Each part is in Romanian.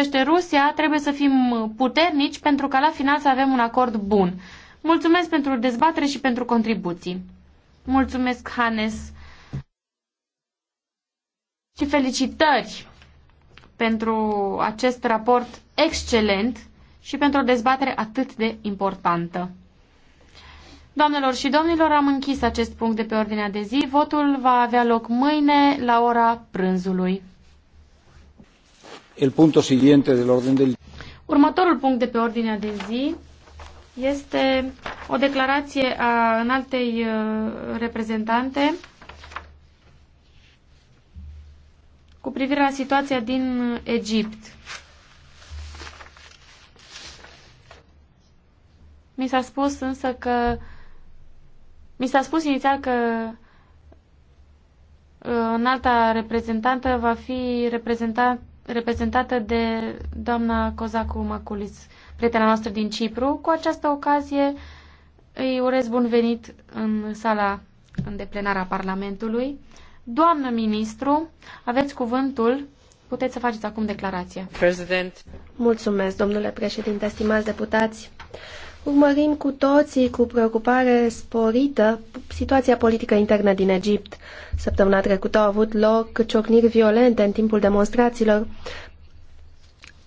privește Rusia, trebuie să fim puternici pentru ca la final să avem un acord bun. Mulțumesc pentru dezbatere și pentru contribuții. Mulțumesc, Hannes. Și felicitări pentru acest raport excelent și pentru o dezbatere atât de importantă. Doamnelor și domnilor, am închis acest punct de pe ordinea de zi. Votul va avea loc mâine la ora prânzului. El punto siguiente del orden del... Următorul punct de pe ordinea de zi este o declarație a înaltei uh, reprezentante cu privire la situația din Egipt. Mi s-a spus însă că mi s-a spus inițial că uh, înalta reprezentantă va fi reprezentată reprezentată de doamna Cozacu Maculis, prietena noastră din Cipru. Cu această ocazie îi urez bun venit în sala de plenară a Parlamentului. Doamnă ministru, aveți cuvântul. Puteți să faceți acum declarația. President. Mulțumesc, domnule președinte, stimați deputați. Urmărim cu toții cu preocupare sporită situația politică internă din Egipt. Săptămâna trecută au avut loc ciocniri violente în timpul demonstrațiilor,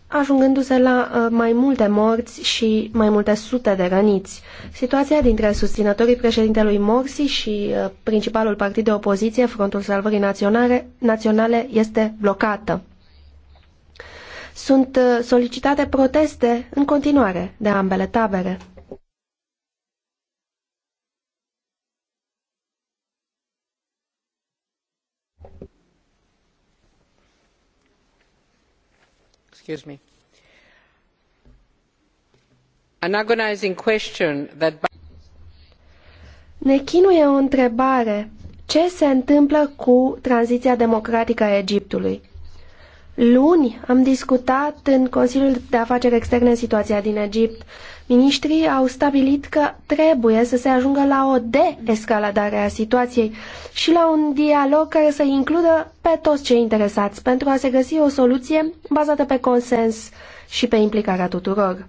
ajungându-se la uh, mai multe morți și mai multe sute de răniți. Situația dintre susținătorii președintelui Morsi și uh, principalul partid de opoziție, Frontul Salvării Naționale, este blocată. Sunt uh, solicitate proteste în continuare de ambele tabere. Excuse me. An agonizing question that... Ne chinuie o întrebare. Ce se întâmplă cu tranziția democratică a Egiptului? Luni am discutat în Consiliul de Afaceri Externe situația din Egipt. Ministrii au stabilit că trebuie să se ajungă la o deescaladare a situației și la un dialog care să includă pe toți cei interesați pentru a se găsi o soluție bazată pe consens și pe implicarea tuturor.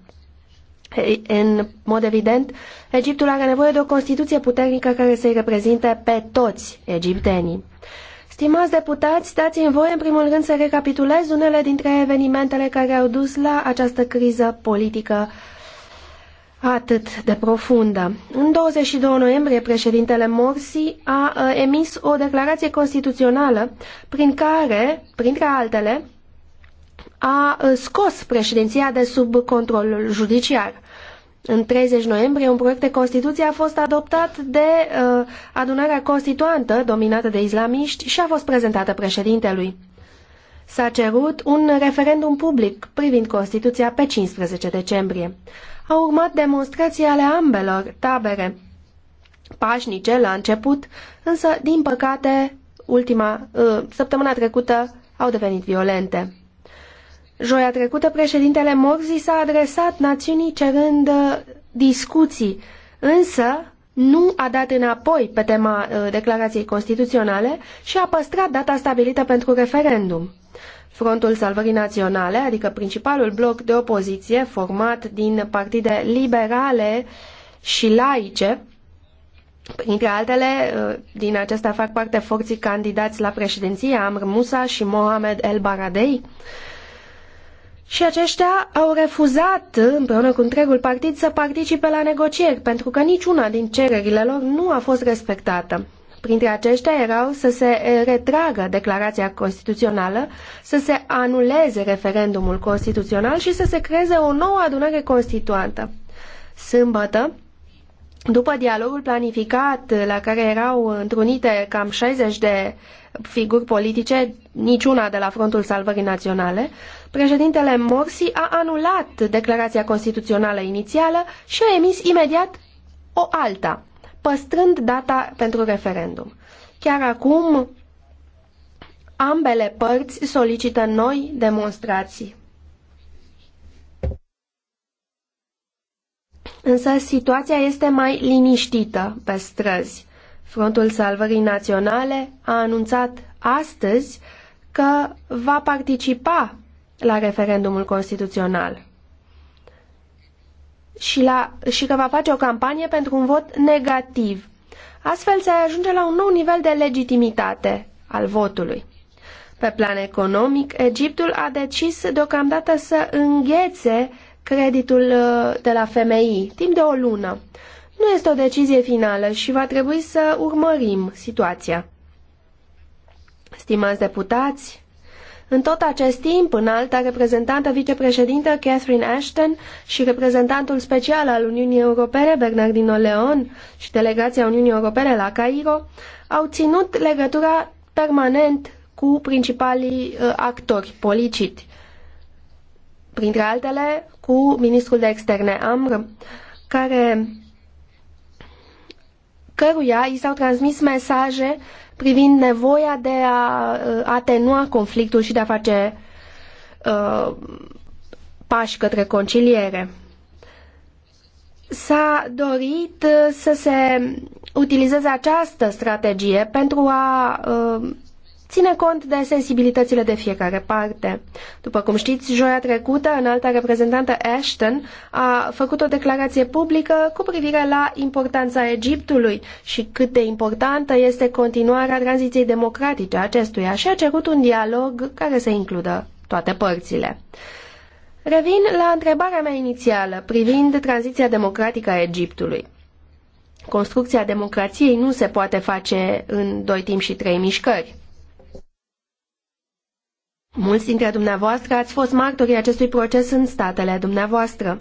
În mod evident, Egiptul are nevoie de o Constituție puternică care să-i reprezinte pe toți egiptenii. Stimați deputați, dați-mi voie în primul rând să recapitulez unele dintre evenimentele care au dus la această criză politică atât de profundă. În 22 noiembrie, președintele Morsi a emis o declarație constituțională prin care, printre altele, a scos președinția de sub controlul judiciar. În 30 noiembrie, un proiect de Constituție a fost adoptat de uh, adunarea constituantă, dominată de islamiști, și a fost prezentată președintelui. S-a cerut un referendum public privind Constituția pe 15 decembrie. Au urmat demonstrații ale ambelor tabere, pașnice la început, însă, din păcate, ultima uh, săptămâna trecută au devenit violente. Joia trecută, președintele Morzi s-a adresat națiunii cerând uh, discuții, însă nu a dat înapoi pe tema uh, declarației constituționale și a păstrat data stabilită pentru referendum. Frontul Salvării Naționale, adică principalul bloc de opoziție format din partide liberale și laice, printre altele, uh, din acestea fac parte forții candidați la președinție, Amr Musa și Mohamed El Baradei, și aceștia au refuzat, împreună cu întregul partid, să participe la negocieri, pentru că niciuna din cererile lor nu a fost respectată. Printre aceștia erau să se retragă declarația constituțională, să se anuleze referendumul constituțional și să se creeze o nouă adunare constituantă. Sâmbătă, după dialogul planificat la care erau întrunite cam 60 de figuri politice, niciuna de la Frontul Salvării Naționale, Președintele Morsi a anulat declarația constituțională inițială și a emis imediat o alta, păstrând data pentru referendum. Chiar acum, ambele părți solicită noi demonstrații. Însă situația este mai liniștită pe străzi. Frontul Salvării Naționale a anunțat astăzi că va participa la referendumul constituțional și, la, și că va face o campanie pentru un vot negativ. Astfel se ajunge la un nou nivel de legitimitate al votului. Pe plan economic, Egiptul a decis deocamdată să înghețe creditul uh, de la FMI timp de o lună. Nu este o decizie finală și va trebui să urmărim situația. Stimați deputați, în tot acest timp, alta reprezentantă vicepreședintă Catherine Ashton și reprezentantul special al Uniunii Europene Bernardino Leon și delegația Uniunii Europene la Cairo au ținut legătura permanent cu principalii uh, actori politici, printre altele cu ministrul de externe Amr, care căruia i s-au transmis mesaje privind nevoia de a uh, atenua conflictul și de a face uh, pași către conciliere. S-a dorit uh, să se utilizeze această strategie pentru a uh, ține cont de sensibilitățile de fiecare parte. După cum știți, joia trecută, înalta reprezentantă Ashton a făcut o declarație publică cu privire la importanța Egiptului și cât de importantă este continuarea tranziției democratice a acestuia și a cerut un dialog care să includă toate părțile. Revin la întrebarea mea inițială privind tranziția democratică a Egiptului. Construcția democrației nu se poate face în doi timp și trei mișcări. Mulți dintre dumneavoastră ați fost martorii acestui proces în statele dumneavoastră.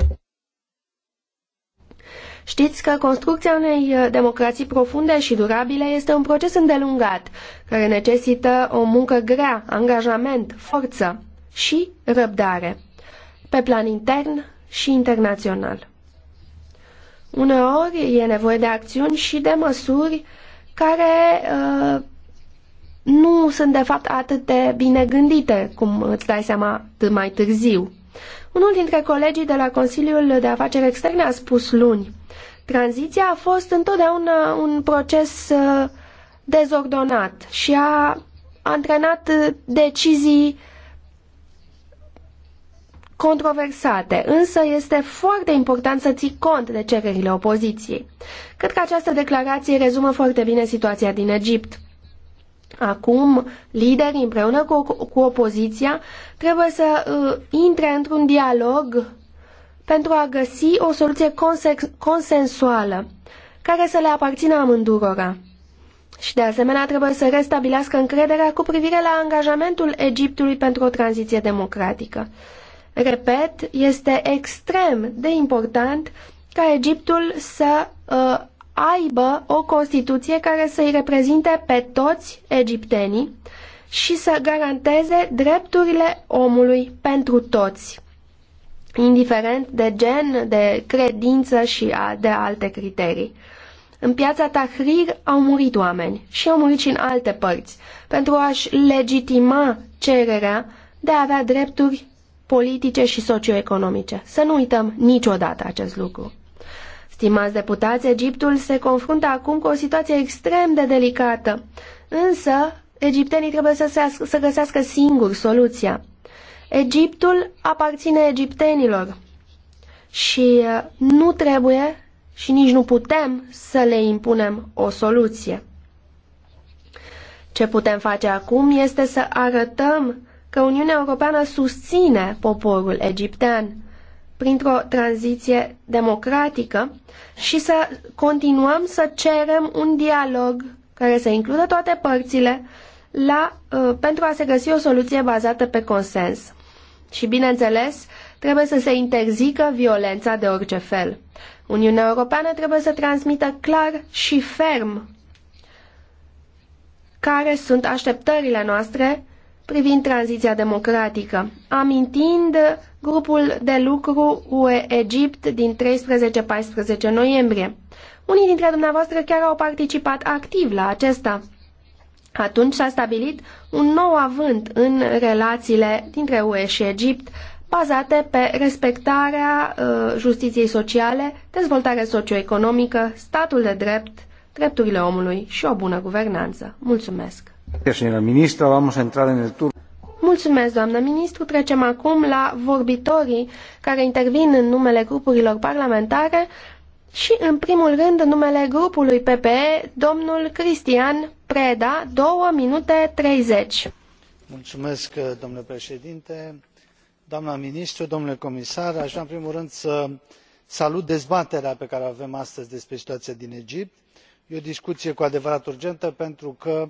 Știți că construcția unei uh, democrații profunde și durabile este un proces îndelungat, care necesită o muncă grea, angajament, forță și răbdare, pe plan intern și internațional. Uneori e nevoie de acțiuni și de măsuri care uh, nu sunt de fapt atât de bine gândite, cum îți dai seama mai târziu. Unul dintre colegii de la Consiliul de Afaceri Externe a spus luni, tranziția a fost întotdeauna un proces uh, dezordonat și a antrenat uh, decizii controversate, însă este foarte important să ții cont de cererile opoziției. Cred că această declarație rezumă foarte bine situația din Egipt. Acum, liderii împreună cu, cu opoziția trebuie să uh, intre într-un dialog pentru a găsi o soluție consen- consensuală care să le aparțină amândurora. Și de asemenea trebuie să restabilească încrederea cu privire la angajamentul Egiptului pentru o tranziție democratică. Repet, este extrem de important ca Egiptul să uh, aibă o Constituție care să-i reprezinte pe toți egiptenii și să garanteze drepturile omului pentru toți, indiferent de gen, de credință și de alte criterii. În piața Tahrir au murit oameni și au murit și în alte părți, pentru a-și legitima cererea de a avea drepturi politice și socioeconomice. Să nu uităm niciodată acest lucru. Stimați deputați, Egiptul se confruntă acum cu o situație extrem de delicată, însă egiptenii trebuie să, se, să găsească singur soluția. Egiptul aparține egiptenilor și uh, nu trebuie și nici nu putem să le impunem o soluție. Ce putem face acum este să arătăm că Uniunea Europeană susține poporul egiptean printr-o tranziție democratică și să continuăm să cerem un dialog care să includă toate părțile la, uh, pentru a se găsi o soluție bazată pe consens. Și, bineînțeles, trebuie să se interzică violența de orice fel. Uniunea Europeană trebuie să transmită clar și ferm care sunt așteptările noastre privind tranziția democratică, amintind grupul de lucru UE-Egipt din 13-14 noiembrie. Unii dintre dumneavoastră chiar au participat activ la acesta. Atunci s-a stabilit un nou avânt în relațiile dintre UE și Egipt, bazate pe respectarea uh, justiției sociale, dezvoltare socioeconomică, statul de drept, drepturile omului și o bună guvernanță. Mulțumesc! Mulțumesc, doamnă ministru. Trecem acum la vorbitorii care intervin în numele grupurilor parlamentare și, în primul rând, în numele grupului PPE, domnul Cristian Preda, 2 minute 30. Mulțumesc, domnule președinte, doamna ministru, domnule comisar. Aș vrea, în primul rând, să salut dezbaterea pe care o avem astăzi despre situația din egipt. E o discuție cu adevărat urgentă pentru că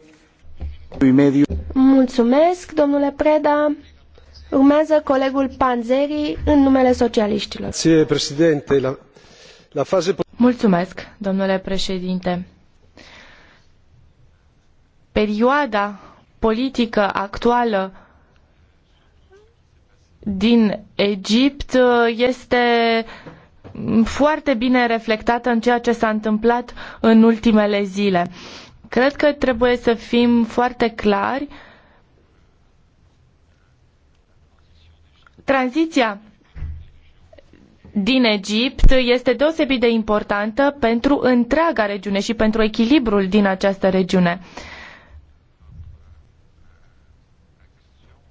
Mulțumesc, domnule Preda. Urmează colegul Panzeri în numele socialiștilor. Mulțumesc, domnule președinte. Perioada politică actuală din Egipt uh, este mm, foarte bine reflectată în ceea ce s-a întâmplat în ultimele zile. Cred că trebuie să fim foarte clari. Tranziția din Egipt este deosebit de importantă pentru întreaga regiune și pentru echilibrul din această regiune.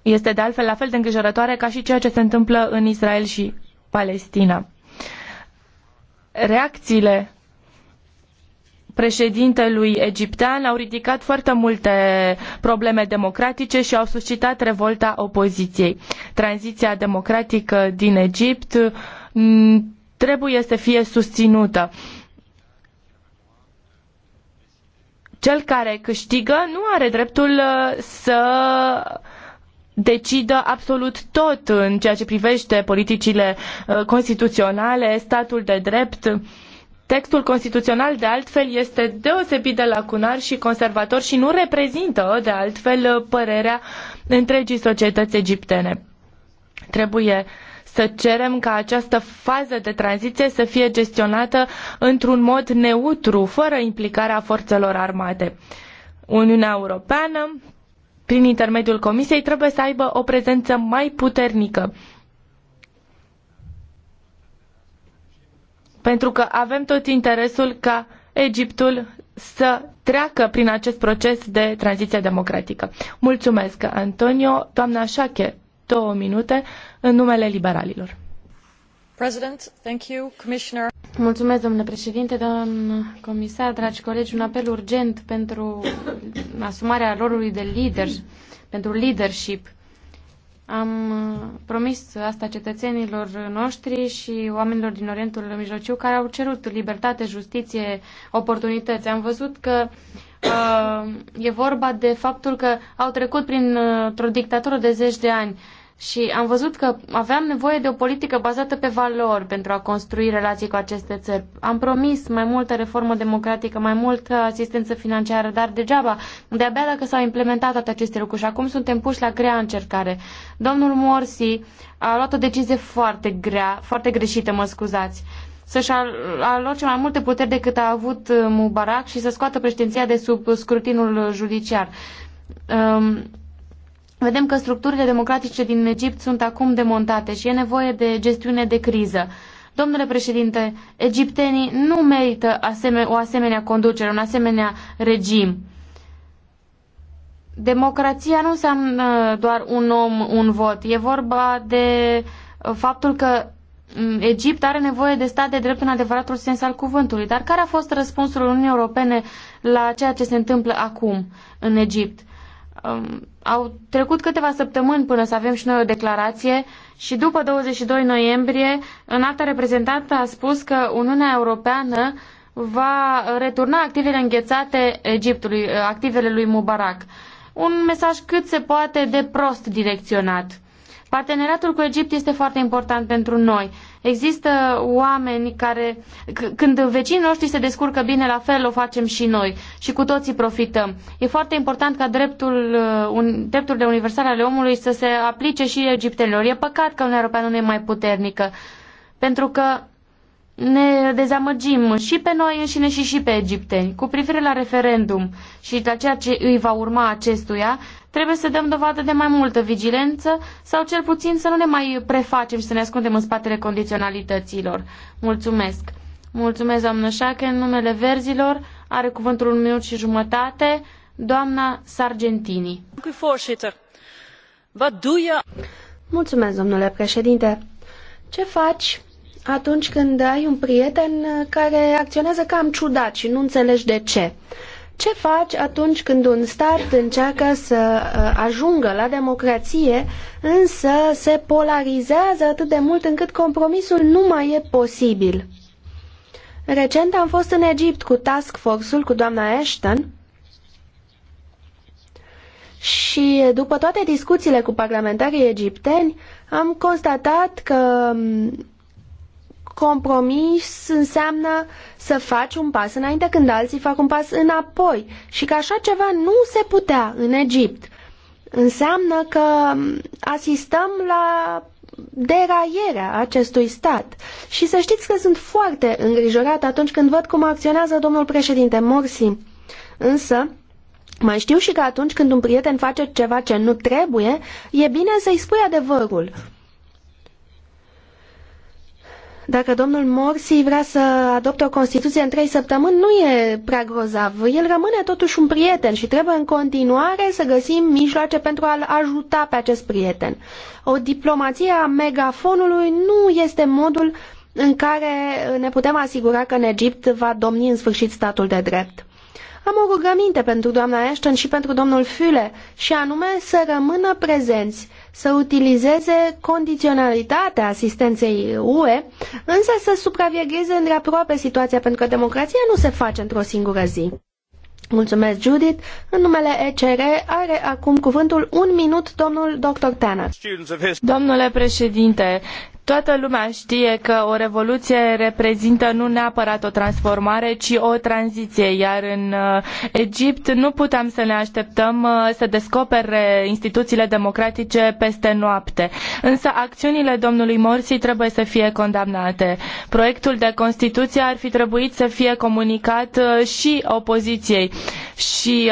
Este de altfel la fel de îngrijorătoare ca și ceea ce se întâmplă în Israel și Palestina. Reacțiile președintelui egiptean au ridicat foarte multe probleme democratice și au suscitat revolta opoziției. Tranziția democratică din Egipt mm, trebuie să fie susținută. Cel care câștigă nu are dreptul uh, să decidă absolut tot în ceea ce privește politicile uh, constituționale, statul de drept. Uh, Textul constituțional, de altfel, este deosebit de lacunar și conservator și nu reprezintă, de altfel, părerea întregii societăți egiptene. Trebuie să cerem ca această fază de tranziție să fie gestionată într-un mod neutru, fără implicarea forțelor armate. Uniunea Europeană, prin intermediul Comisiei, trebuie să aibă o prezență mai puternică Pentru că avem tot interesul ca Egiptul să treacă prin acest proces de tranziție democratică. Mulțumesc, Antonio. Doamna Șache, două minute în numele liberalilor. President, thank you, Commissioner. Mulțumesc, domnule președinte, domnul comisar, dragi colegi, un apel urgent pentru asumarea rolului de lider, pentru leadership am uh, promis asta cetățenilor noștri și oamenilor din Orientul Mijlociu care au cerut libertate, justiție, oportunități. Am văzut că uh, e vorba de faptul că au trecut printr-o uh, dictatură de zeci de ani și am văzut că aveam nevoie de o politică bazată pe valori pentru a construi relații cu aceste țări. Am promis mai multă reformă democratică, mai multă asistență financiară, dar degeaba, de-abia dacă s-au implementat toate aceste lucruri și acum suntem puși la grea încercare. Domnul Morsi a luat o decizie foarte grea, foarte greșită, mă scuzați să-și aloce mai multe puteri decât a avut uh, Mubarak și să scoată președinția de sub scrutinul judiciar. Um, Vedem că structurile democratice din Egipt sunt acum demontate și e nevoie de gestiune de criză. Domnule președinte, egiptenii nu merită aseme- o asemenea conducere, un asemenea regim. Democrația nu înseamnă doar un om, un vot. E vorba de uh, faptul că mm, Egipt are nevoie de stat de drept în adevăratul sens al cuvântului. Dar care a fost răspunsul Uniunii Europene la ceea ce se întâmplă acum în Egipt? Um, au trecut câteva săptămâni până să avem și noi o declarație și după 22 noiembrie, în alta reprezentantă a spus că Uniunea Europeană va returna activele înghețate Egiptului, activele lui Mubarak. Un mesaj cât se poate de prost direcționat. Parteneriatul cu Egipt este foarte important pentru noi. Există oameni care, când vecinii noștri se descurcă bine, la fel o facem și noi și cu toții profităm. E foarte important ca dreptul, uh, un, drepturile universale ale omului să se aplice și egiptenilor. E păcat că Uniunea Europeană nu e mai puternică, pentru că ne dezamăgim și pe noi înșine și și pe egipteni. Cu privire la referendum și la ceea ce îi va urma acestuia, trebuie să dăm dovadă de mai multă vigilență sau cel puțin să nu ne mai prefacem și să ne ascundem în spatele condiționalităților. Mulțumesc! Mulțumesc, doamnă Șache, în numele verzilor are cuvântul un minut și jumătate, doamna Sargentini. Mulțumesc, domnule președinte. Ce faci atunci când ai un prieten uh, care acționează cam ciudat și nu înțelegi de ce. Ce faci atunci când un stat încearcă să uh, ajungă la democrație, însă se polarizează atât de mult încât compromisul nu mai e posibil? Recent am fost în Egipt cu task force-ul, cu doamna Ashton, și după toate discuțiile cu parlamentarii egipteni, am constatat că mm, compromis înseamnă să faci un pas înainte când alții fac un pas înapoi și că așa ceva nu se putea în Egipt. Înseamnă că asistăm la deraierea acestui stat. Și să știți că sunt foarte îngrijorată atunci când văd cum acționează domnul președinte Morsi. Însă, mai știu și că atunci când un prieten face ceva ce nu trebuie, e bine să-i spui adevărul. Dacă domnul Morsi vrea să adopte o Constituție în trei săptămâni, nu e prea grozav. El rămâne totuși un prieten și trebuie în continuare să găsim mijloace pentru a-l ajuta pe acest prieten. O diplomație a megafonului nu este modul în care ne putem asigura că în Egipt va domni în sfârșit statul de drept. Am o rugăminte pentru doamna Ashton și pentru domnul Füle, și anume să rămână prezenți, să utilizeze condiționalitatea asistenței UE, însă să supravegheze îndeaproape situația, pentru că democrația nu se face într-o singură zi. Mulțumesc, Judith. În numele ECR are acum cuvântul un minut domnul dr. Tanner. Domnule președinte, Toată lumea știe că o revoluție reprezintă nu neapărat o transformare, ci o tranziție, iar în uh, Egipt nu putem să ne așteptăm uh, să descopere instituțiile democratice peste noapte. Însă acțiunile domnului Morsi trebuie să fie condamnate. Proiectul de Constituție ar fi trebuit să fie comunicat uh, și opoziției și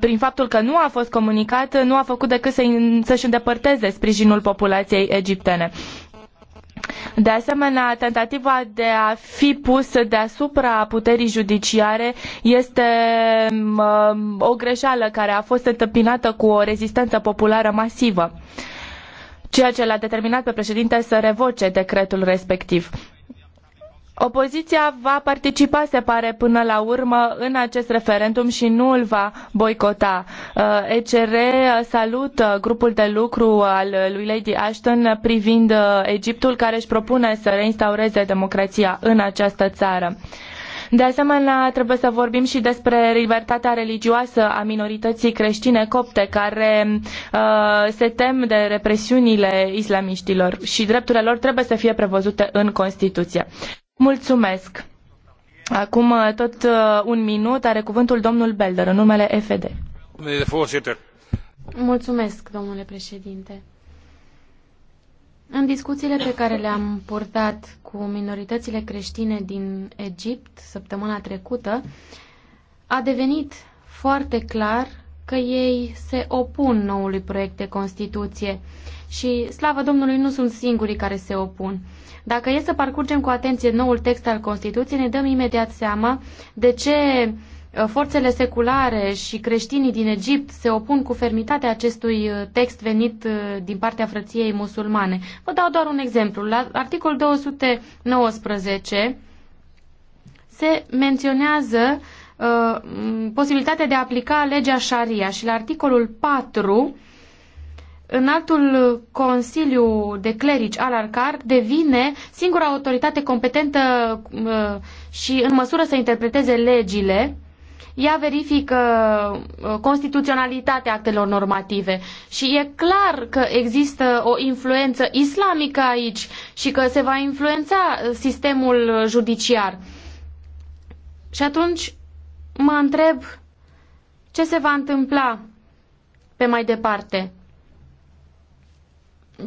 prin faptul că nu a fost comunicat, nu a făcut decât să-și îndepărteze sprijinul populației egiptene. De asemenea, tentativa de a fi pus deasupra puterii judiciare este mm, mm, o greșeală care a fost întâmpinată cu o rezistență populară masivă ceea ce l-a determinat pe președinte să revoce decretul respectiv. Opoziția va participa, se pare, până la urmă în acest referendum și nu îl va boicota. Uh, ECR salută grupul de lucru al lui Lady Ashton privind uh, Egiptul care își propune să reinstaureze democrația în această țară. De asemenea, trebuie să vorbim și despre libertatea religioasă a minorității creștine copte, care uh, se tem de represiunile islamiștilor și drepturile lor trebuie să fie prevăzute în Constituție. Mulțumesc. Acum uh, tot uh, un minut are cuvântul domnul Belder în numele FD. Mulțumesc, domnule președinte. În discuțiile pe care le-am purtat cu minoritățile creștine din Egipt săptămâna trecută, a devenit foarte clar că ei se opun noului proiect de Constituție. Și, slavă Domnului, nu sunt singurii care se opun. Dacă e să parcurgem cu atenție noul text al Constituției, ne dăm imediat seama de ce uh, forțele seculare și creștinii din Egipt se opun cu fermitate acestui uh, text venit uh, din partea frăției musulmane. Vă dau doar un exemplu. La articolul 219 se menționează uh, Uh, posibilitatea de a aplica legea Sharia și la articolul 4 în altul Consiliu de Clerici al Arcar devine singura autoritate competentă uh, și în măsură să interpreteze legile ea verifică uh, constituționalitatea actelor normative și e clar că există o influență islamică aici și că se va influența sistemul judiciar. Și atunci mă întreb ce se va întâmpla pe mai departe.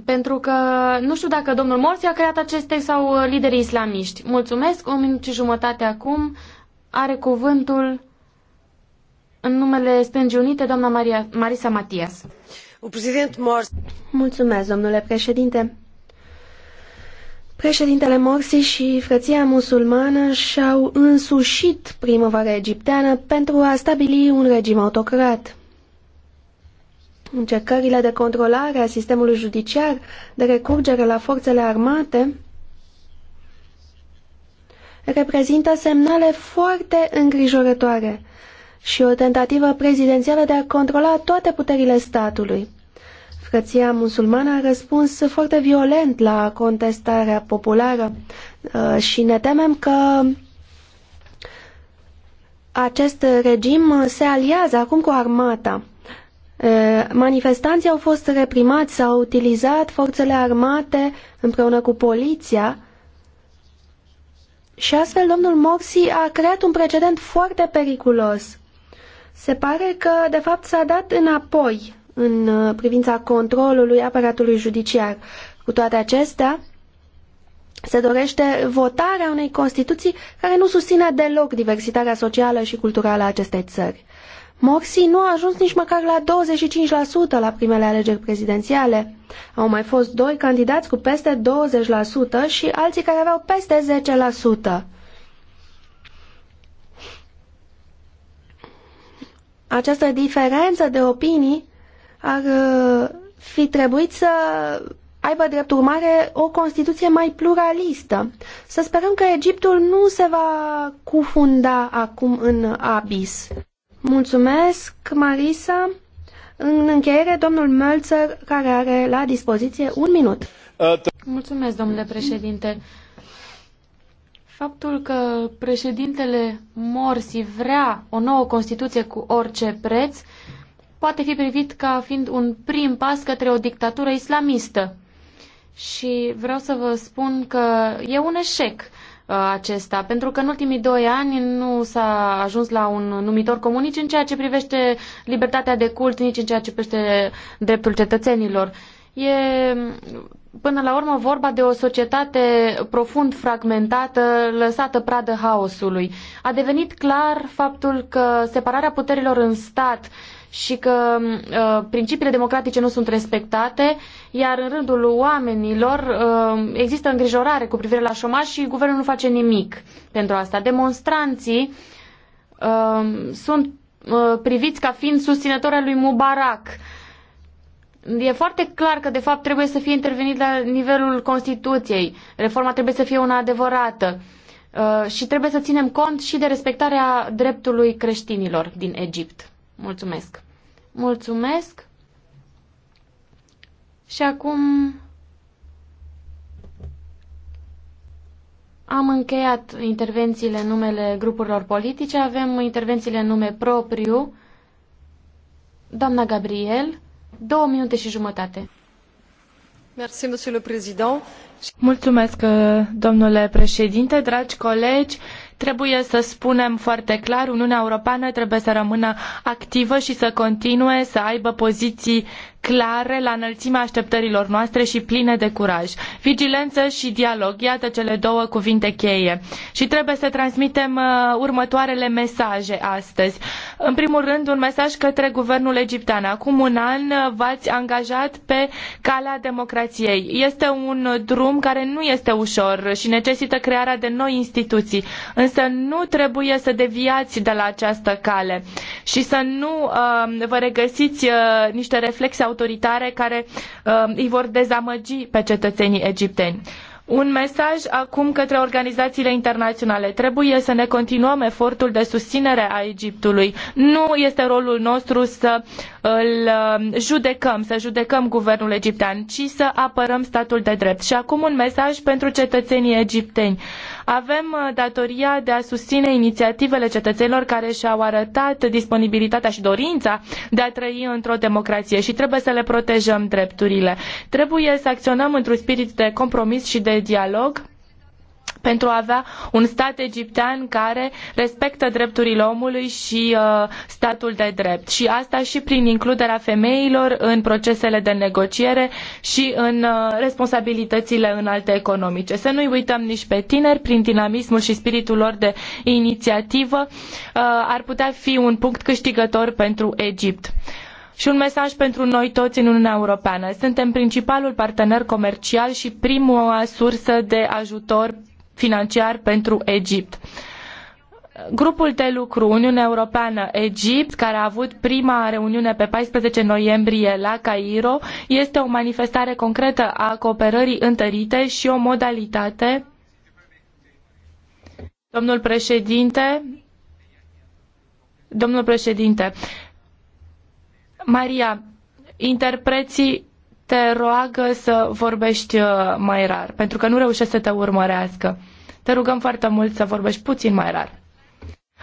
Pentru că nu știu dacă domnul Morsi a creat aceste sau liderii islamiști. Mulțumesc, o minut și jumătate acum are cuvântul în numele Stângii Unite, doamna Maria, Marisa Matias. Mulțumesc, domnule președinte. Președintele Morsi și frăția musulmană și-au însușit primăvara egipteană pentru a stabili un regim autocrat. Încercările de controlare a sistemului judiciar, de recurgere la forțele armate, reprezintă semnale foarte îngrijorătoare și o tentativă prezidențială de a controla toate puterile statului. Frăția musulmană a răspuns foarte violent la contestarea populară uh, și ne temem că acest regim se aliază acum cu armata. Uh, manifestanții au fost reprimați, s-au utilizat forțele armate împreună cu poliția și astfel domnul Morsi a creat un precedent foarte periculos. Se pare că, de fapt, s-a dat înapoi în uh, privința controlului aparatului judiciar. Cu toate acestea, se dorește votarea unei Constituții care nu susține deloc diversitatea socială și culturală a acestei țări. Morsi nu a ajuns nici măcar la 25% la primele alegeri prezidențiale. Au mai fost doi candidați cu peste 20% și alții care aveau peste 10%. Această diferență de opinii ar uh, fi trebuit să aibă drept urmare o constituție mai pluralistă. Să sperăm că Egiptul nu se va cufunda acum în abis. Mulțumesc, Marisa. În încheiere, domnul Mölzer, care are la dispoziție un minut. Mulțumesc, domnule președinte. Faptul că președintele Morsi vrea o nouă Constituție cu orice preț poate fi privit ca fiind un prim pas către o dictatură islamistă. Și vreau să vă spun că e un eșec uh, acesta, pentru că în ultimii doi ani nu s-a ajuns la un numitor comun nici în ceea ce privește libertatea de cult, nici în ceea ce privește dreptul cetățenilor. E până la urmă vorba de o societate profund fragmentată, lăsată pradă haosului. A devenit clar faptul că separarea puterilor în stat uh, și că uh, principiile democratice nu sunt respectate, iar în rândul oamenilor uh, există îngrijorare cu privire la șomaj și guvernul nu face nimic pentru asta. Demonstranții uh, sunt uh, priviți ca fiind susținători ai lui Mubarak. E foarte clar că, de fapt, trebuie să fie intervenit la nivelul Constituției. Reforma trebuie să fie una adevărată. Uh, și trebuie să ținem cont și de respectarea dreptului creștinilor din Egipt. Mulțumesc! Mulțumesc. Și acum am încheiat intervențiile în numele grupurilor politice. Avem intervențiile în nume propriu. Doamna Gabriel, două minute și jumătate. Mulțumesc, domnule președinte, dragi colegi. Trebuie să spunem foarte clar, Uniunea Europeană trebuie să rămână activă și să continue să aibă poziții clare, la înălțimea așteptărilor noastre și pline de curaj. Vigilență și dialog, iată cele două cuvinte cheie. Și trebuie să transmitem uh, următoarele mesaje astăzi. În primul rând, un mesaj către guvernul egiptean. Acum un an v-ați angajat pe calea democrației. Este un drum care nu este ușor și necesită crearea de noi instituții, însă nu trebuie să deviați de la această cale și să nu uh, vă regăsiți uh, niște reflexe autoritare care uh, îi vor dezamăgi pe cetățenii egipteni un mesaj acum către organizațiile internaționale. Trebuie să ne continuăm efortul de susținere a Egiptului. Nu este rolul nostru să îl um, judecăm, să judecăm guvernul egiptean, ci să apărăm statul de drept. Și acum un mesaj pentru cetățenii egipteni. Avem uh, datoria de a susține inițiativele cetățenilor care și-au arătat disponibilitatea și dorința de a trăi într-o democrație și trebuie să le protejăm drepturile. Trebuie să acționăm într-un spirit de compromis și de dialog pentru a avea un stat egiptean care respectă drepturile omului și uh, statul de drept. Și asta și prin includerea femeilor în procesele de negociere și în uh, responsabilitățile înalte economice. Să nu-i uităm nici pe tineri, prin dinamismul și spiritul lor de inițiativă, uh, ar putea fi un punct câștigător pentru Egipt și un mesaj pentru noi toți în Uniunea Europeană. Suntem principalul partener comercial și prima sursă de ajutor financiar pentru Egipt. Grupul de lucru Uniunea Europeană Egipt, care a avut prima reuniune pe 14 noiembrie la Cairo, este o manifestare concretă a cooperării întărite și o modalitate. Domnul președinte, domnul președinte, Maria, interpreții te roagă să vorbești uh, mai rar, pentru că nu reușește să te urmărească. Te rugăm foarte mult să vorbești puțin mai rar.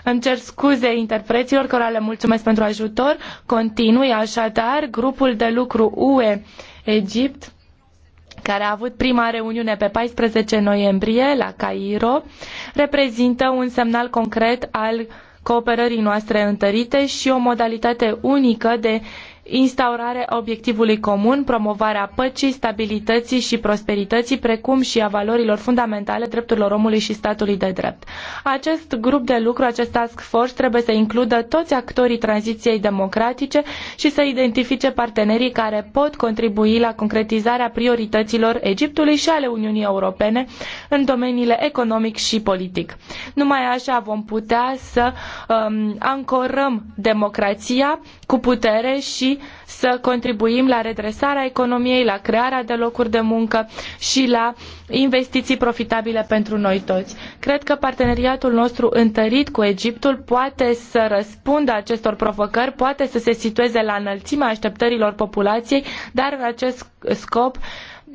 Îmi cer scuze interpreților, cărora le mulțumesc pentru ajutor. Continui așadar grupul de lucru UE Egipt, care a avut prima reuniune pe 14 noiembrie la Cairo, reprezintă un semnal concret al cooperării noastre întărite și o modalitate unică de instaurarea obiectivului comun, promovarea păcii, stabilității și prosperității, precum și a valorilor fundamentale, drepturilor omului și statului de drept. Acest grup de lucru, acest task force, trebuie să includă toți actorii tranziției democratice și să identifice partenerii care pot contribui la concretizarea priorităților Egiptului și ale Uniunii Europene în domeniile economic și politic. Numai așa vom putea să um, ancorăm democrația cu putere și să contribuim la redresarea economiei, la crearea de locuri de muncă și la investiții profitabile pentru noi toți. Cred că parteneriatul nostru întărit cu Egiptul poate să răspundă acestor provocări, poate să se situeze la înălțimea așteptărilor populației, dar în acest scop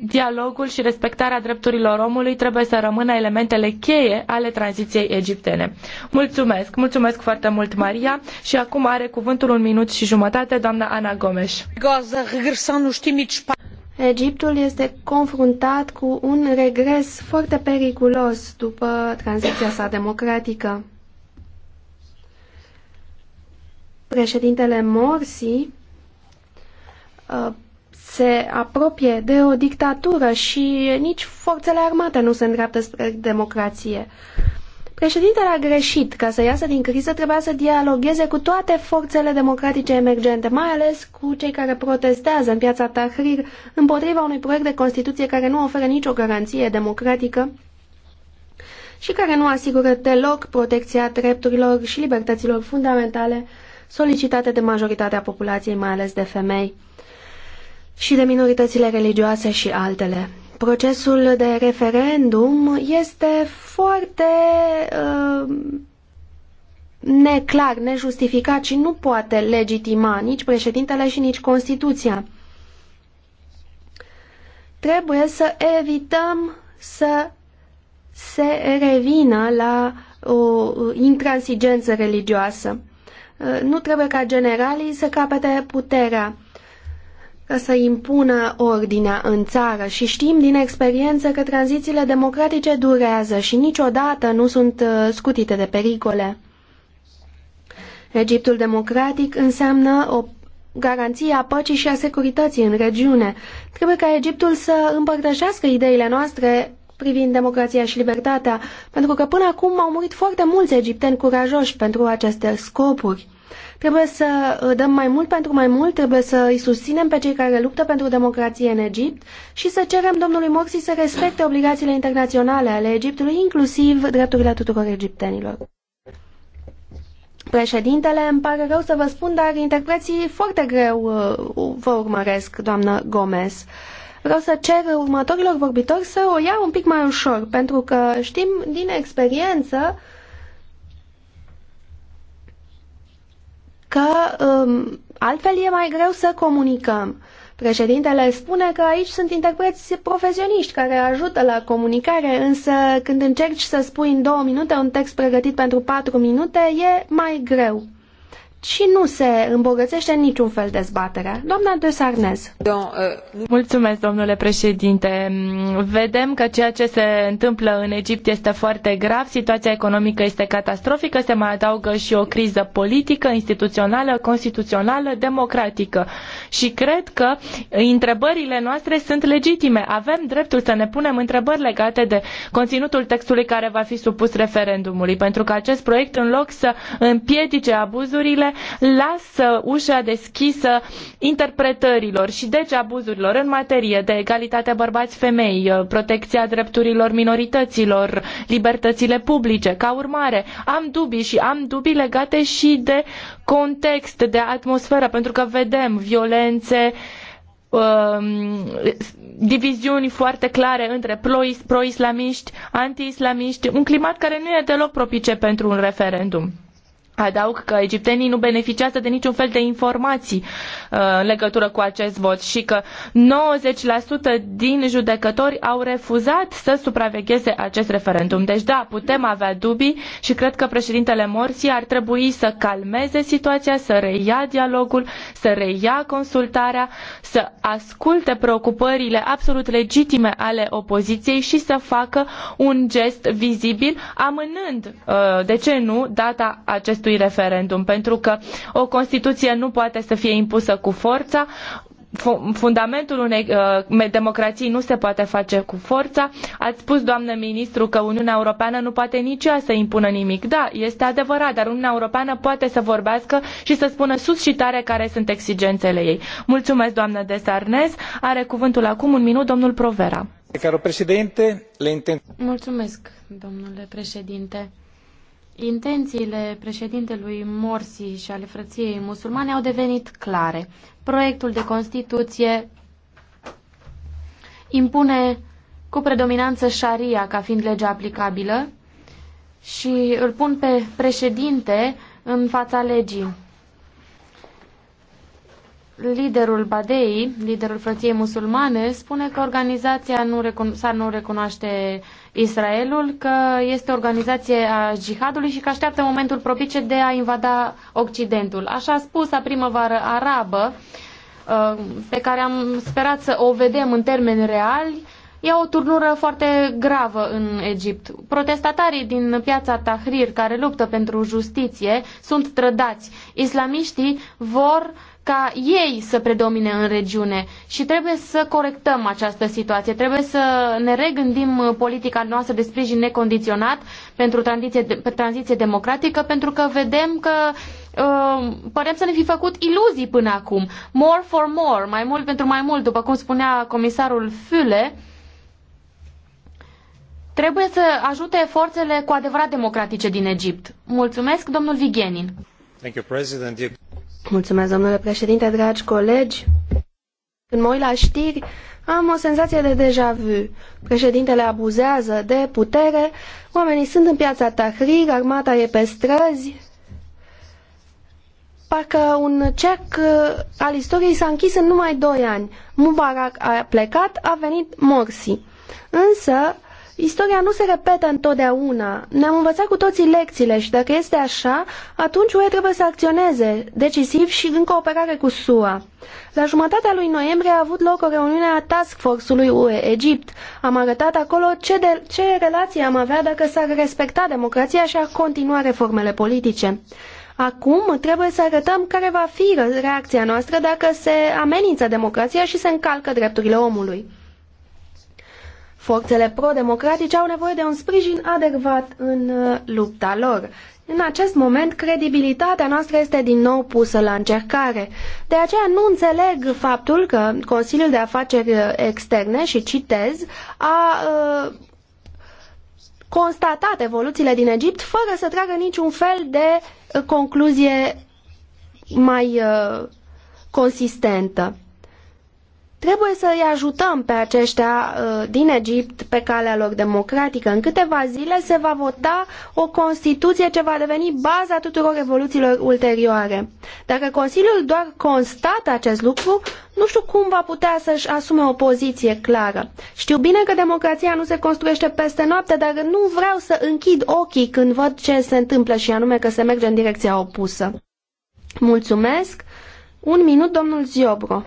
dialogul și respectarea drepturilor omului trebuie să rămână elementele cheie ale tranziției egiptene. Mulțumesc, mulțumesc foarte mult, Maria. Și acum are cuvântul un minut și jumătate, doamna Ana Gomes. Egiptul este confruntat cu un regres foarte periculos după tranziția sa democratică. Președintele Morsi uh, se apropie de o dictatură și nici forțele armate nu se îndreaptă spre democrație. Președintele a greșit. Ca să iasă din criză, trebuia să dialogueze cu toate forțele democratice emergente, mai ales cu cei care protestează în piața Tahrir împotriva unui proiect de Constituție care nu oferă nicio garanție democratică și care nu asigură deloc protecția drepturilor și libertăților fundamentale solicitate de majoritatea populației, mai ales de femei și de minoritățile religioase și altele. Procesul de referendum este foarte uh, neclar, nejustificat și nu poate legitima nici președintele și nici Constituția. Trebuie să evităm să se revină la o intransigență religioasă. Uh, nu trebuie ca generalii să capete puterea să impună ordinea în țară și știm din experiență că tranzițiile democratice durează și niciodată nu sunt uh, scutite de pericole. Egiptul democratic înseamnă o garanție a păcii și a securității în regiune. Trebuie ca Egiptul să împărtășească ideile noastre privind democrația și libertatea, pentru că până acum au murit foarte mulți egipteni curajoși pentru aceste scopuri. Trebuie să uh, dăm mai mult pentru mai mult, trebuie să îi susținem pe cei care luptă pentru democrație în Egipt și să cerem domnului Morsi să respecte obligațiile internaționale ale Egiptului, inclusiv drepturile tuturor egiptenilor. Președintele, îmi pare rău să vă spun, dar interpreții foarte greu uh, vă urmăresc, doamnă Gomez. Vreau să cer următorilor vorbitori să o ia un pic mai ușor, pentru că știm din experiență că um, altfel e mai greu să comunicăm. Președintele spune că aici sunt interpreți profesioniști care ajută la comunicare, însă când încerci să spui în două minute un text pregătit pentru patru minute, e mai greu și nu se îmbogățește în niciun fel dezbaterea. Doamna de Sarnez. Mulțumesc, domnule președinte. Vedem că ceea ce se întâmplă în Egipt este foarte grav, situația economică este catastrofică, se mai adaugă și o criză politică, instituțională, constituțională, democratică. Și cred că întrebările noastre sunt legitime. Avem dreptul să ne punem întrebări legate de conținutul textului care va fi supus referendumului, pentru că acest proiect, în loc să împiedice abuzurile, lasă ușa deschisă interpretărilor și deci abuzurilor în materie de egalitate bărbați-femei, uh, protecția drepturilor minorităților, libertățile publice. Ca urmare, am dubii și am dubii legate și de context, de atmosferă, pentru că vedem violențe, um, diviziuni foarte clare între pro-islamiști, anti-islamiști, un climat care nu e deloc propice pentru un referendum. Adaug că egiptenii nu beneficiază de niciun fel de informații uh, în legătură cu acest vot și că 90% din judecători au refuzat să supravegheze acest referendum. Deci da, putem avea dubii și cred că președintele Morsi ar trebui să calmeze situația, să reia dialogul, să reia consultarea, să asculte preocupările absolut legitime ale opoziției și să facă un gest vizibil, amânând, uh, de ce nu, data acestui acestui referendum, pentru că o Constituție nu poate să fie impusă cu forța, fundamentul unei uh, democrații nu se poate face cu forța. Ați spus, doamnă ministru, că Uniunea Europeană nu poate nici ea să impună nimic. Da, este adevărat, dar Uniunea Europeană poate să vorbească și să spună sus și tare care sunt exigențele ei. Mulțumesc, doamnă Desarnez. Are cuvântul acum un minut domnul Provera. Mulțumesc, domnule președinte. Intențiile președintelui Morsi și ale frăției musulmane au devenit clare. Proiectul de Constituție impune cu predominanță șaria ca fiind legea aplicabilă și îl pun pe președinte în fața legii liderul Badei, liderul frăției musulmane, spune că organizația nu s-ar nu recunoaște Israelul, că este organizație a jihadului și că așteaptă momentul propice de a invada Occidentul. Așa a spus a primăvară arabă, uh, pe care am sperat să o vedem în termeni reali, ia o turnură foarte gravă în Egipt. Protestatarii din piața Tahrir, care luptă pentru justiție, sunt trădați. Islamiștii vor ca ei să predomine în regiune și trebuie să corectăm această situație. Trebuie să ne regândim uh, politica noastră de sprijin necondiționat pentru tranziție, tranziție democratică, pentru că vedem că uh, părem să ne fi făcut iluzii până acum. More for more, mai mult pentru mai mult, după cum spunea comisarul Füle, trebuie să ajute forțele cu adevărat democratice din Egipt. Mulțumesc, domnul Vigenin. Thank you, President. Mulțumesc, domnule președinte, dragi colegi. Când mă uit la știri, am o senzație de deja vu. Președintele abuzează de putere, oamenii sunt în piața Tahrir, armata e pe străzi. Parcă un cec uh, al istoriei s-a închis în numai doi ani. Mubarak a plecat, a venit Morsi. Însă, Istoria nu se repetă întotdeauna. Ne-am învățat cu toții lecțiile și dacă este așa, atunci UE trebuie să acționeze, decisiv și în cooperare cu SUA. La jumătatea lui noiembrie a avut loc o reuniune a Task Force-ului UE-Egipt. Am arătat acolo ce, de, ce relație am avea dacă s-ar respecta democrația și ar continua reformele politice. Acum trebuie să arătăm care va fi reacția noastră dacă se amenință democrația și se încalcă drepturile omului. Forțele pro-democratice au nevoie de un sprijin adecvat în uh, lupta lor. În acest moment, credibilitatea noastră este din nou pusă la încercare. De aceea nu înțeleg faptul că Consiliul de Afaceri uh, Externe, și citez, a uh, constatat evoluțiile din Egipt fără să tragă niciun fel de uh, concluzie mai uh, consistentă. Trebuie să îi ajutăm pe aceștia uh, din Egipt pe calea lor democratică. În câteva zile se va vota o Constituție ce va deveni baza tuturor revoluțiilor ulterioare. Dacă Consiliul doar constată acest lucru, nu știu cum va putea să-și asume o poziție clară. Știu bine că democrația nu se construiește peste noapte, dar nu vreau să închid ochii când văd ce se întâmplă și anume că se merge în direcția opusă. Mulțumesc! Un minut, domnul Ziobro.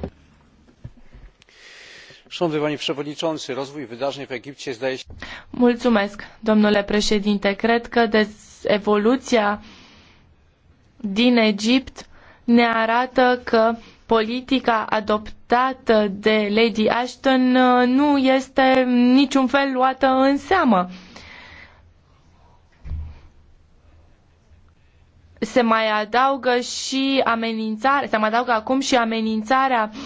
Mulțumesc, domnule președinte. Cred că evoluția din Egipt ne arată că politica adoptată de Lady Ashton uh, nu este niciun fel luată în seamă. Se mai adaugă și amenințarea, se mai adaugă acum și amenințarea uh,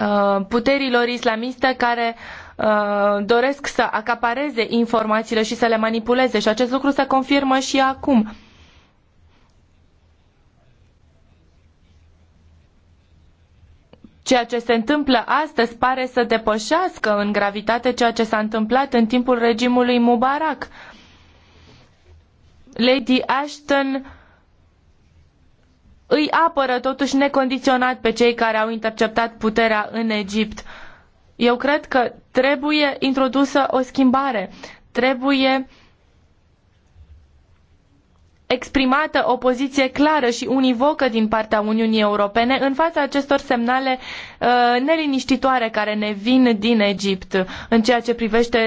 Uh, puterilor islamiste care uh, doresc să acapareze informațiile și să le manipuleze și acest lucru se confirmă și acum. Ceea ce se întâmplă astăzi pare să depășească în gravitate ceea ce s-a întâmplat în timpul regimului Mubarak. Lady Ashton îi apără totuși necondiționat pe cei care au interceptat puterea în Egipt. Eu cred că trebuie introdusă o schimbare, trebuie exprimată o poziție clară și univocă din partea Uniunii Europene în fața acestor semnale uh, neliniștitoare care ne vin din Egipt în ceea ce privește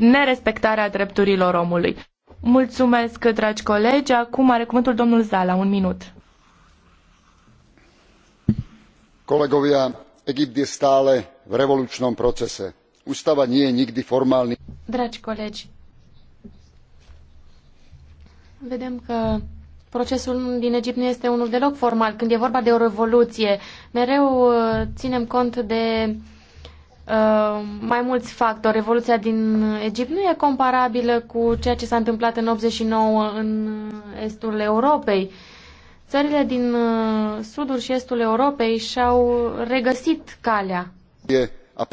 nerespectarea drepturilor omului. Mulțumesc, dragi colegi. Acum are cuvântul domnul Zala. Un minut. kolegovia egypt je stále v revolučnom procese. ústava nie je nikdy formálny. dragi colegi vedem că procesul din Egipt nu este unul deloc formal. Când e vorba de o revoluție, mereu uh, ținem cont de uh, mai mulți factori. Revoluția din Egipt nu e comparabilă cu ceea ce s-a întâmplat în 89 în uh, estul Europei. Uh, Țările din uh, sudul și estul Europei și-au regăsit calea. A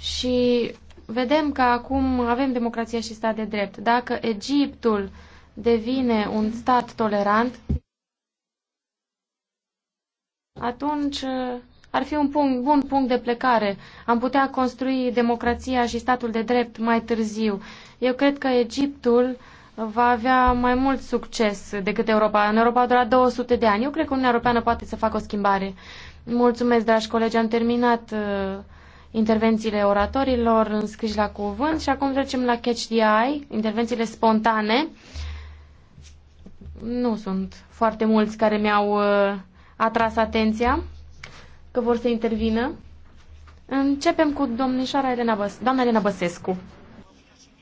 Și vedem că acum avem democrație și stat de drept. Dacă Egiptul devine un stat tolerant, atunci uh, ar fi un punct, bun punct de plecare. Am putea construi democrația și statul de drept mai târziu. Eu cred că Egiptul va avea mai mult succes decât Europa. În Europa a durat 200 de ani. Eu cred că Uniunea Europeană poate să facă o schimbare. Mulțumesc, dragi colegi. Am terminat uh, intervențiile oratorilor înscriși la cuvânt și acum trecem la Catch the Eye, intervențiile spontane. Nu sunt foarte mulți care mi-au uh, atras atenția că vor să intervină. Începem cu domnișoara Elena Băs- doamna Elena Băsescu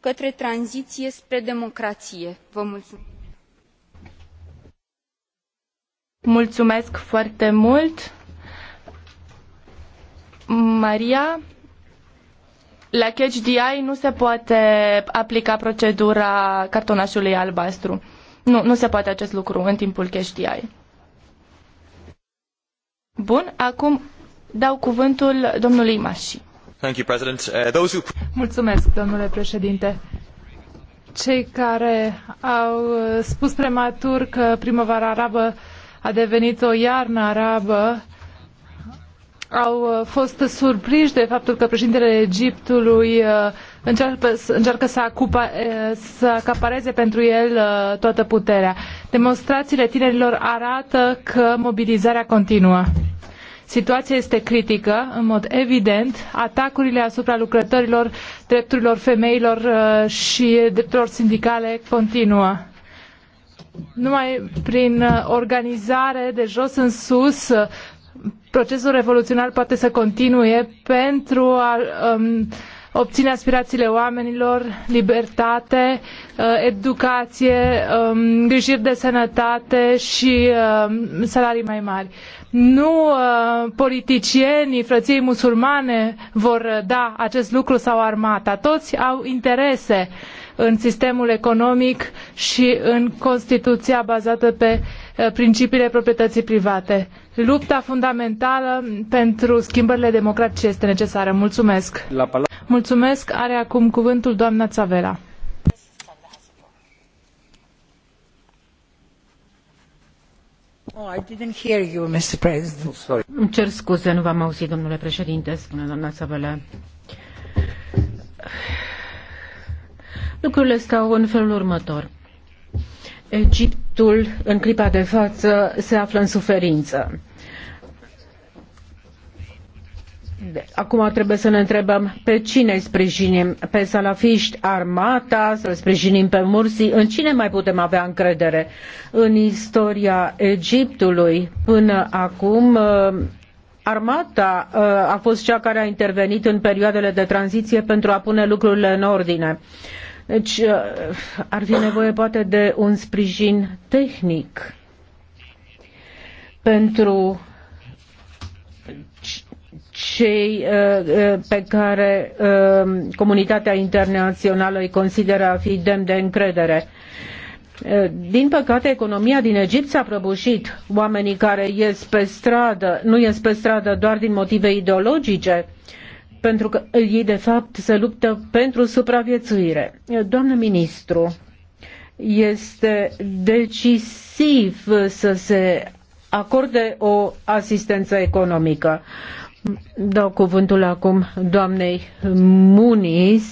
către tranziie spre democraie. Vă mulțumesc. Mulțumesc foarte mult. Maria, la CatchDI nu se poate aplica procedura cartonașului albastru. Nu, nu se poate acest lucru în timpul CatchDI. Bun, acum dau cuvântul domnului Mașii. Uh, Mulțumesc, domnule președinte. Cei care au uh, spus prematur că primăvara arabă a devenit o iarnă arabă au uh, fost surprinși de faptul că președintele Egiptului încearcă, încearcă să, acupa, să acapareze pentru el toată puterea. Demonstrațiile tinerilor arată că mobilizarea continuă. Situația este critică, în mod evident. Atacurile asupra lucrătorilor, drepturilor femeilor uh, și drepturilor sindicale continuă. Numai prin uh, organizare de jos în sus, uh, procesul revoluționar poate să continue pentru a um, obține aspirațiile oamenilor, libertate, educație, um, îngrijiri de sănătate și salarii mai mari nu uh, politicienii frăției musulmane vor uh, da acest lucru sau armata. Toți au interese în sistemul economic și în Constituția bazată pe uh, principiile proprietății private. Lupta fundamentală pentru schimbările democratice este necesară. Mulțumesc! Mulțumesc! Are acum cuvântul doamna Țavela. Oh, I didn't hear you, Mr. President. Oh, sorry. Îmi cer scuze, nu v-am auzit, domnule președinte, spune doamna Savele. Lucrurile stau în felul următor. Egiptul, în clipa de față, se află în suferință Acum trebuie să ne întrebăm pe cine îi sprijinim, pe salafiști, armata, să sprijinim pe Mursi, în cine mai putem avea încredere? În istoria Egiptului până acum uh, armata uh, a fost cea care a intervenit în perioadele de tranziție pentru a pune lucrurile în ordine. Deci uh, ar fi nevoie poate de un sprijin tehnic pentru cei uh, uh, pe care uh, comunitatea internațională îi consideră a fi demn de încredere. Din păcate, economia din Egipt s-a prăbușit. Oamenii care ies pe stradă nu ies pe stradă doar din motive ideologice, pentru că ei, de fapt, se luptă pentru supraviețuire. Doamnă ministru, este decisiv să se acorde o asistență economică. Dau cuvântul acum doamnei Muniz.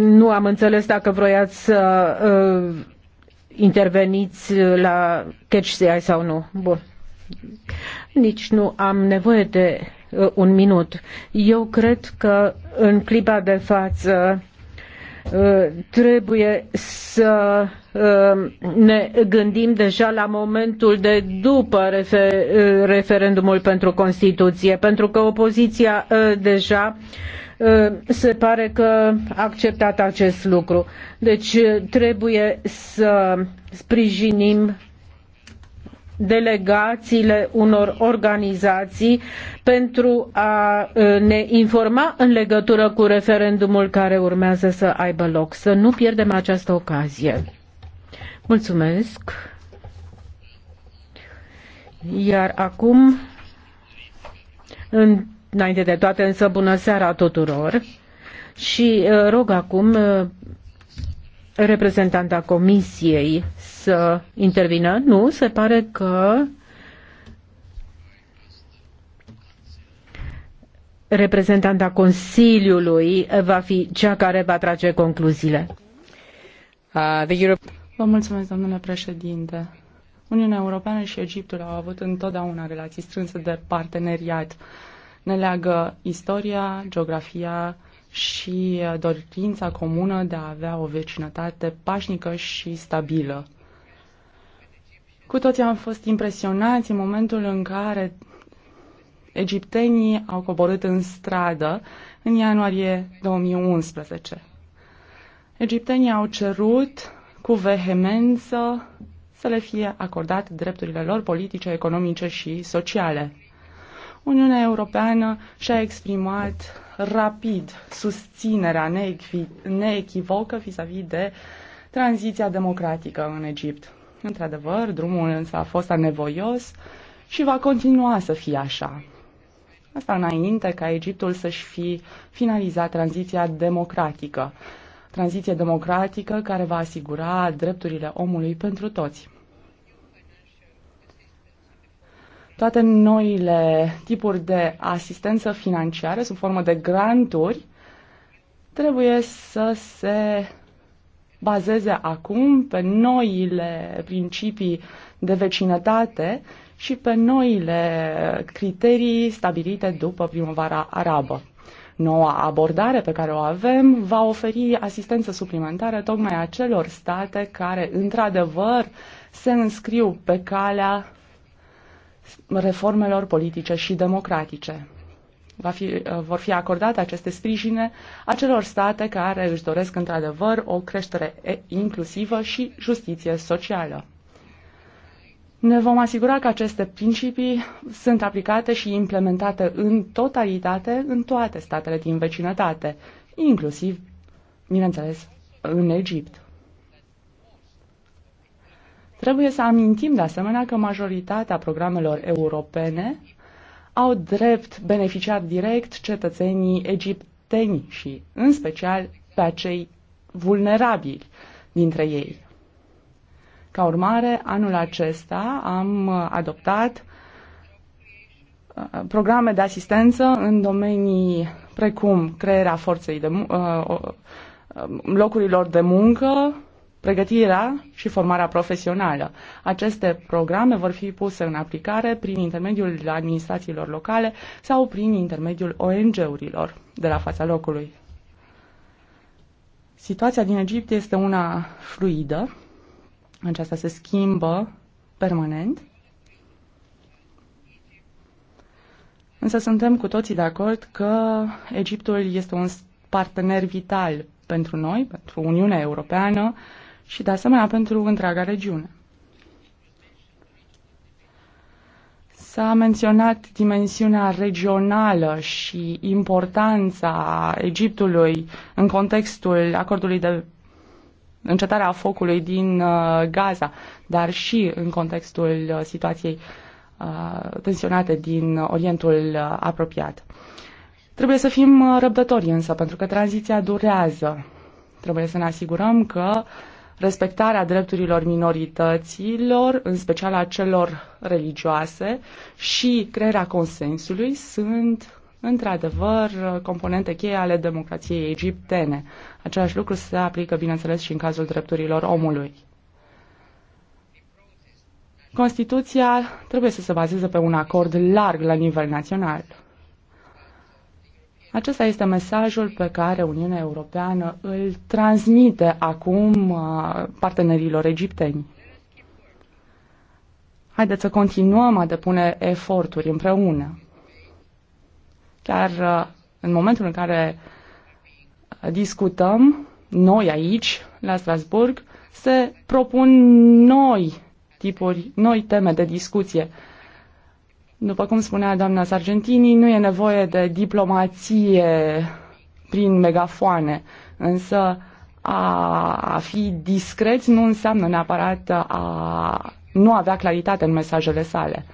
Nu am înțeles dacă vroiați să uh, interveniți la catch sau nu. Bun. Nici nu am nevoie de uh, un minut. Eu cred că în clipa de față Uh, trebuie să uh, ne gândim deja la momentul de după uh, referendumul pentru Constituție, pentru că opoziția deja se pare că a acceptat acest lucru. Deci trebuie să sprijinim delegațiile unor organizații pentru a ne informa în legătură cu referendumul care urmează să aibă loc. Să nu pierdem această ocazie. Mulțumesc. Iar acum, înainte de toate, însă, bună seara tuturor și rog acum reprezentanta Comisiei să intervină? Nu, se pare că reprezentanta Consiliului va fi cea care va trage concluziile. Uh, Vă mulțumesc, domnule președinte. Uniunea Europeană și Egiptul au avut întotdeauna relații strânse de parteneriat. Ne leagă istoria, geografia și uh, dorința comună de a avea o vecinătate pașnică și stabilă. Cu toții am fost impresionați în momentul în care egiptenii au coborât în stradă în ianuarie 2011. Egiptenii au cerut cu vehemență să le fie acordate drepturile lor politice, economice și sociale. Uniunea Europeană și-a exprimat rapid susținerea neechivocă vis-a-vis -vis de tranziția democratică în Egipt. Într-adevăr, drumul însă a fost anevoios și va continua să fie așa. Asta înainte ca Egiptul să-și fi finalizat tranziția democratică. Tranziție democratică care va asigura drepturile omului pentru toți. Toate noile tipuri de asistență financiară sub formă de granturi trebuie să se bazeze acum pe noile principii de vecinătate și pe noile criterii stabilite după primăvara arabă. Noua abordare pe care o avem va oferi asistență suplimentară tocmai acelor state care, într-adevăr, se înscriu pe calea reformelor politice și democratice va fi, uh, vor fi acordate aceste sprijine acelor state care își doresc într-adevăr o creștere inclusivă și justiție socială. Ne vom asigura că aceste principii sunt aplicate și implementate în totalitate în toate statele din vecinătate, inclusiv, bineînțeles, în Egipt. Trebuie să amintim de asemenea că majoritatea programelor europene au drept beneficiar direct cetățenii egipteni și în special pe acei vulnerabili dintre ei. Ca urmare, anul acesta am adoptat uh, programe de asistență în domenii precum crearea forței de, uh, uh, locurilor de muncă, pregătirea și formarea profesională. Aceste programe vor fi puse în aplicare prin intermediul administrațiilor locale sau prin intermediul ONG-urilor de la fața locului. Situația din Egipt este una fluidă, aceasta se schimbă permanent, însă suntem cu toții de acord că Egiptul este un partener vital pentru noi, pentru Uniunea Europeană, și de asemenea pentru întreaga regiune. S-a menționat dimensiunea regională și importanța Egiptului în contextul acordului de a focului din uh, Gaza, dar și în contextul uh, situației uh, tensionate din Orientul apropiat. Trebuie să fim răbdători însă, pentru că tranziția durează. Trebuie să ne asigurăm că uh, respectarea drepturilor minorităților, în special a celor religioase, și crearea consensului sunt într-adevăr componente cheie ale democrației egiptene. Același lucru se aplică, bineînțeles, și în cazul drepturilor omului. Constituția trebuie să se bazeze pe un acord larg la nivel național. Acesta este mesajul pe care Uniunea Europeană îl transmite acum uh, partenerilor egipteni. Haideți să continuăm a depune eforturi împreună. Chiar uh, în momentul în care uh, discutăm, noi aici, la Strasburg, se propun noi tipuri, noi teme de discuție după cum spunea doamna Sargentini, nu e nevoie de diplomație prin megafoane, însă a fi discreți nu înseamnă neapărat a nu avea claritate în mesajele sale.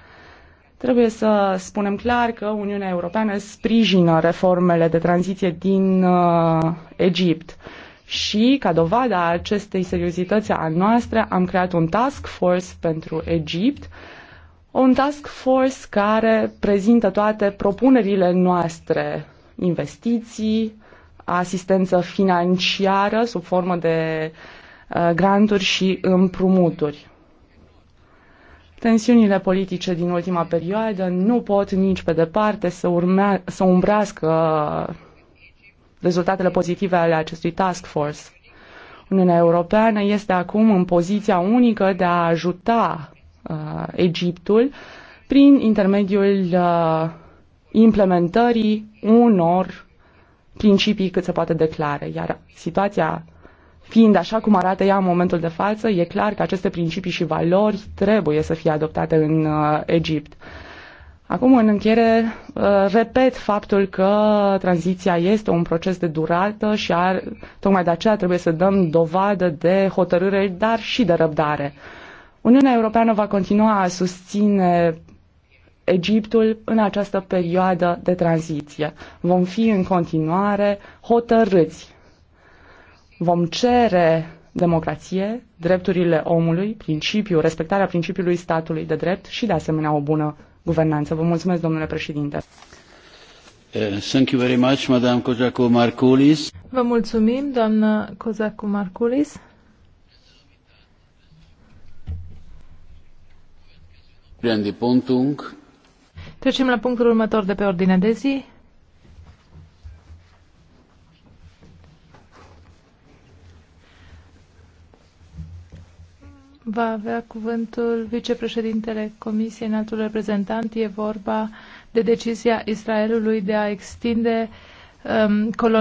Trebuie să spunem clar că Uniunea Europeană sprijină reformele de tranziție din uh, Egipt și, ca dovadă a acestei seriozități a noastre, am creat un task force pentru Egipt uh, un task force care prezintă toate propunerile noastre, investiții, asistență financiară sub formă de uh, granturi și împrumuturi. Tensiunile politice din ultima perioadă nu pot nici pe departe să, urmea, să umbrească uh, rezultatele pozitive ale acestui task force. Uniunea Europeană este acum în poziția unică de a ajuta uh, Egiptul prin intermediul uh, implementării unor principii cât se poate declare. Iar situația fiind așa cum arată ea în momentul de față, e clar că aceste principii și valori trebuie să fie adoptate în uh, Egipt. Acum, în încheiere, uh, repet faptul că tranziția este un proces de durată și ar, tocmai de aceea trebuie să dăm dovadă de hotărâre, dar și de răbdare. Uniunea Europeană va continua a susține Egiptul în această perioadă de tranziție. Vom fi în continuare hotărâți. Vom cere democrație, drepturile omului, principiul respectarea principiului statului de drept și, de asemenea, o bună guvernanță. Vă mulțumesc, domnule președinte. Eh, thank you very much, Madame Kozaku Marculis. Vă mulțumim, doamnă Kozaku Marculis. Trecem la punctul următor de pe ordinea de zi. Va avea cuvântul vicepreședintele Comisiei Înaltul Reprezentant. E vorba de decizia Israelului de a extinde um, colonii.